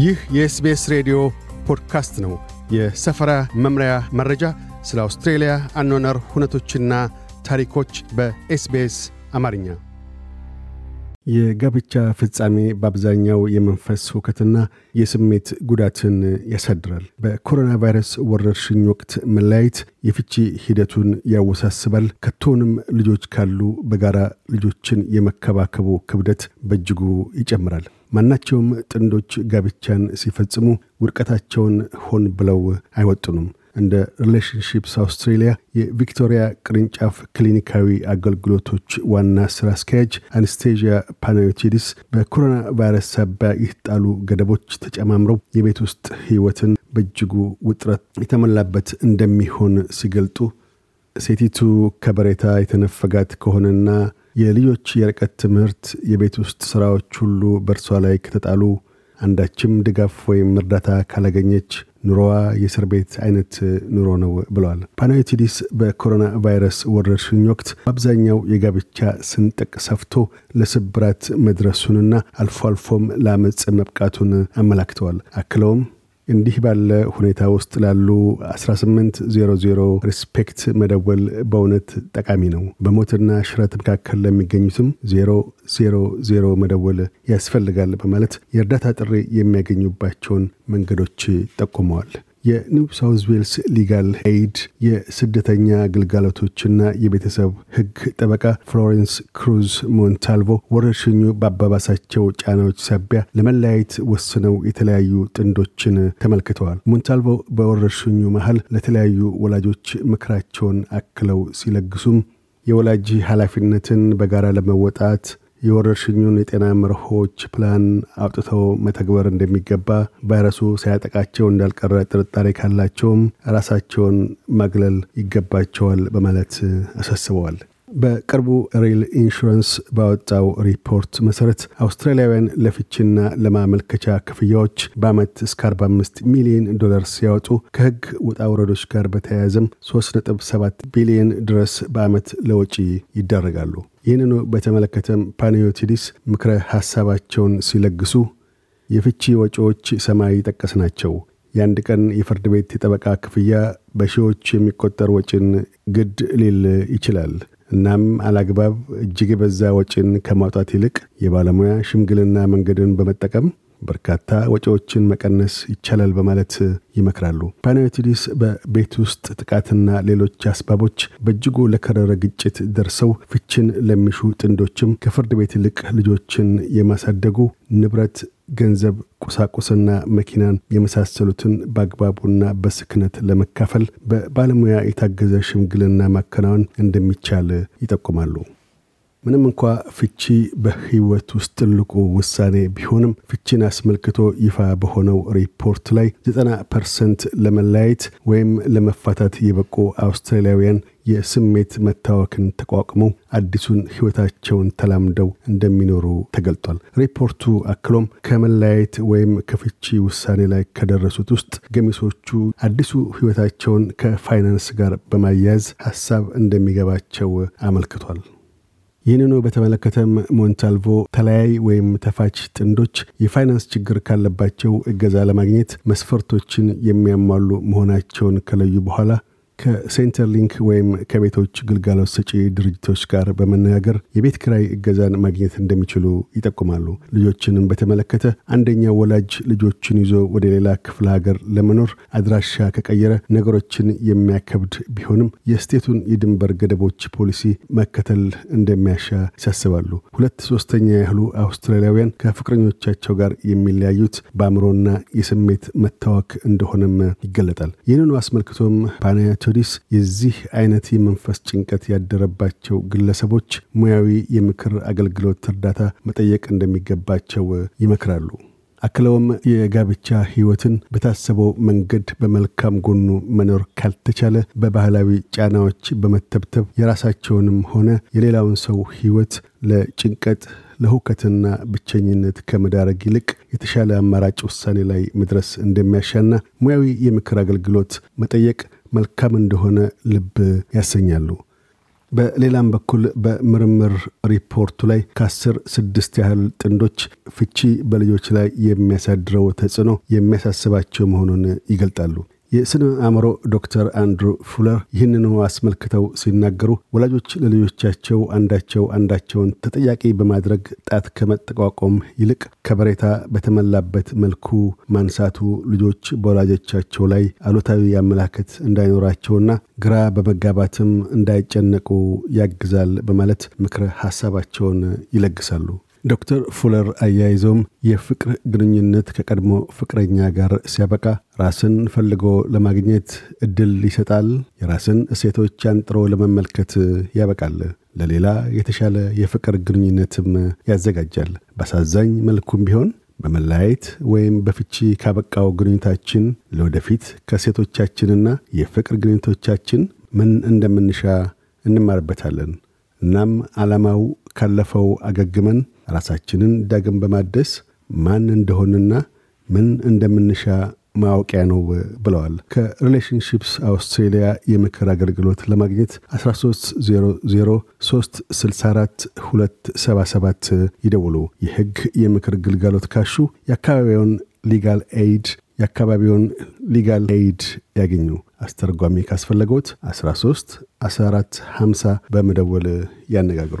ይህ የኤስቤስ ሬዲዮ ፖድካስት ነው። የሰፈራ መምሪያ መረጃ፣ ስለ አውስትሬልያ አኗነር ሁነቶችና ታሪኮች በኤስቤስ አማርኛ የጋብቻ ፍጻሜ በአብዛኛው የመንፈስ ሁከትና የስሜት ጉዳትን ያሳድራል። በኮሮና ቫይረስ ወረርሽኝ ወቅት መለያየት የፍቺ ሂደቱን ያወሳስባል። ከቶንም ልጆች ካሉ በጋራ ልጆችን የመከባከቡ ክብደት በእጅጉ ይጨምራል። ማናቸውም ጥንዶች ጋብቻን ሲፈጽሙ ውድቀታቸውን ሆን ብለው አይወጥኑም። እንደ ሪሌሽንሺፕስ አውስትሬሊያ የቪክቶሪያ ቅርንጫፍ ክሊኒካዊ አገልግሎቶች ዋና ስራ አስኪያጅ አንስቴዥያ ፓናዮቲዲስ በኮሮና ቫይረስ ሳቢያ የተጣሉ ገደቦች ተጨማምረው የቤት ውስጥ ህይወትን በእጅጉ ውጥረት የተሞላበት እንደሚሆን ሲገልጡ ሴቲቱ ከበሬታ የተነፈጋት ከሆነና የልጆች የርቀት ትምህርት፣ የቤት ውስጥ ስራዎች ሁሉ በእርሷ ላይ ከተጣሉ አንዳችም ድጋፍ ወይም እርዳታ ካላገኘች ኑሮዋ የእስር ቤት አይነት ኑሮ ነው ብለዋል። ፓናዮቲዲስ በኮሮና ቫይረስ ወረርሽኝ ወቅት በአብዛኛው የጋብቻ ስንጥቅ ሰፍቶ ለስብራት መድረሱንና አልፎ አልፎም ለአመፅ መብቃቱን አመላክተዋል። አክለውም እንዲህ ባለ ሁኔታ ውስጥ ላሉ 1800 ሪስፔክት መደወል በእውነት ጠቃሚ ነው። በሞትና ሽረት መካከል ለሚገኙትም 000 መደወል ያስፈልጋል በማለት የእርዳታ ጥሪ የሚያገኙባቸውን መንገዶች ጠቁመዋል። የኒው ሳውዝ ዌልስ ሊጋል ኤድ የስደተኛ አገልጋሎቶችና የቤተሰብ ህግ ጠበቃ ፍሎሬንስ ክሩዝ ሞንታልቮ ወረርሽኙ በአባባሳቸው ጫናዎች ሳቢያ ለመለያየት ወስነው የተለያዩ ጥንዶችን ተመልክተዋል። ሞንታልቮ በወረርሽኙ መሃል ለተለያዩ ወላጆች ምክራቸውን አክለው ሲለግሱም የወላጅ ኃላፊነትን በጋራ ለመወጣት የወረርሽኙን የጤና መርሆች ፕላን አውጥተው መተግበር እንደሚገባ፣ ቫይረሱ ሳያጠቃቸው እንዳልቀረ ጥርጣሬ ካላቸውም ራሳቸውን ማግለል ይገባቸዋል በማለት አሳስበዋል። በቅርቡ ሬል ኢንሹራንስ ባወጣው ሪፖርት መሰረት አውስትራሊያውያን ለፍችና ለማመልከቻ ክፍያዎች በአመት እስከ 45 ሚሊዮን ዶላር ሲያወጡ ከህግ ውጣ ውረዶች ጋር በተያያዘም 3.7 ቢሊዮን ድረስ በአመት ለወጪ ይዳረጋሉ። ይህንኑ በተመለከተም ፓኒዮቲዲስ ምክረ ሐሳባቸውን ሲለግሱ የፍቺ ወጪዎች ሰማይ ጠቀስ ናቸው። የአንድ ቀን የፍርድ ቤት የጠበቃ ክፍያ በሺዎች የሚቆጠር ወጪን ግድ ሊል ይችላል። እናም አላግባብ እጅግ የበዛ ወጪን ከማውጣት ይልቅ የባለሙያ ሽምግልና መንገድን በመጠቀም በርካታ ወጪዎችን መቀነስ ይቻላል በማለት ይመክራሉ። ፓናቲዲስ በቤት ውስጥ ጥቃትና ሌሎች አስባቦች በእጅጉ ለከረረ ግጭት ደርሰው ፍችን ለሚሹ ጥንዶችም ከፍርድ ቤት ይልቅ ልጆችን የማሳደጉ ንብረት ገንዘብ፣ ቁሳቁስና መኪናን የመሳሰሉትን በአግባቡና በስክነት ለመካፈል በባለሙያ የታገዘ ሽምግልና ማከናወን እንደሚቻል ይጠቁማሉ። ምንም እንኳ ፍቺ በህይወት ውስጥ ትልቁ ውሳኔ ቢሆንም ፍቺን አስመልክቶ ይፋ በሆነው ሪፖርት ላይ 90 ፐርሰንት ለመለያየት ወይም ለመፋታት የበቁ አውስትራሊያውያን የስሜት መታወክን ተቋቁመው አዲሱን ህይወታቸውን ተላምደው እንደሚኖሩ ተገልጧል። ሪፖርቱ አክሎም ከመለያየት ወይም ከፍቺ ውሳኔ ላይ ከደረሱት ውስጥ ገሚሶቹ አዲሱ ህይወታቸውን ከፋይናንስ ጋር በማያያዝ ሀሳብ እንደሚገባቸው አመልክቷል። ይህንኑ በተመለከተም ሞንታልቮ ተለያይ ወይም ተፋች ጥንዶች የፋይናንስ ችግር ካለባቸው እገዛ ለማግኘት መስፈርቶችን የሚያሟሉ መሆናቸውን ከለዩ በኋላ ከሴንተርሊንክ ወይም ከቤቶች ግልጋሎት ሰጪ ድርጅቶች ጋር በመነጋገር የቤት ክራይ እገዛን ማግኘት እንደሚችሉ ይጠቁማሉ። ልጆችንም በተመለከተ አንደኛው ወላጅ ልጆቹን ይዞ ወደ ሌላ ክፍለ ሀገር ለመኖር አድራሻ ከቀየረ ነገሮችን የሚያከብድ ቢሆንም የስቴቱን የድንበር ገደቦች ፖሊሲ መከተል እንደሚያሻ ያሳስባሉ። ሁለት ሶስተኛ ያህሉ አውስትራሊያውያን ከፍቅረኞቻቸው ጋር የሚለያዩት በአእምሮና የስሜት መታወክ እንደሆነም ይገለጣል። ይህንኑ አስመልክቶም ፓናያቸው ሜቶዲስ የዚህ አይነት የመንፈስ ጭንቀት ያደረባቸው ግለሰቦች ሙያዊ የምክር አገልግሎት እርዳታ መጠየቅ እንደሚገባቸው ይመክራሉ። አክለውም የጋብቻ ህይወትን በታሰበው መንገድ በመልካም ጎኑ መኖር ካልተቻለ በባህላዊ ጫናዎች በመተብተብ የራሳቸውንም ሆነ የሌላውን ሰው ህይወት ለጭንቀት ለሁከትና ብቸኝነት ከመዳረግ ይልቅ የተሻለ አማራጭ ውሳኔ ላይ መድረስ እንደሚያሻና ሙያዊ የምክር አገልግሎት መጠየቅ መልካም እንደሆነ ልብ ያሰኛሉ። በሌላም በኩል በምርምር ሪፖርቱ ላይ ከአስር ስድስት ያህል ጥንዶች ፍቺ በልጆች ላይ የሚያሳድረው ተጽዕኖ የሚያሳስባቸው መሆኑን ይገልጣሉ። የስነ አእምሮ ዶክተር አንድሩ ፉለር ይህንኑ አስመልክተው ሲናገሩ ወላጆች ለልጆቻቸው አንዳቸው አንዳቸውን ተጠያቂ በማድረግ ጣት ከመጠቋቆም ይልቅ ከበሬታ በተሞላበት መልኩ ማንሳቱ ልጆች በወላጆቻቸው ላይ አሉታዊ አመላከት እንዳይኖራቸውና ግራ በመጋባትም እንዳይጨነቁ ያግዛል በማለት ምክረ ሀሳባቸውን ይለግሳሉ። ዶክተር ፉለር አያይዘውም የፍቅር ግንኙነት ከቀድሞ ፍቅረኛ ጋር ሲያበቃ ራስን ፈልጎ ለማግኘት እድል ይሰጣል፣ የራስን እሴቶች አንጥሮ ለመመልከት ያበቃል፣ ለሌላ የተሻለ የፍቅር ግንኙነትም ያዘጋጃል። በአሳዛኝ መልኩም ቢሆን በመለያየት ወይም በፍቺ ካበቃው ግንኙታችን ለወደፊት ከሴቶቻችንና የፍቅር ግንኙቶቻችን ምን እንደምንሻ እንማርበታለን። እናም ዓላማው ካለፈው አገግመን ራሳችንን ዳግም በማደስ ማን እንደሆንና ምን እንደምንሻ ማወቂያ ነው ብለዋል። ከሪሌሽንሺፕስ አውስትሬሊያ የምክር አገልግሎት ለማግኘት 1300364277 ይደውሉ። የህግ የምክር ግልጋሎት ካሹ የአካባቢውን ሊጋል ኤድ የአካባቢውን ሊጋል ኤይድ ያገኙ። አስተርጓሚ ካስፈለገውት 13 1450 በመደወል ያነጋግሩ።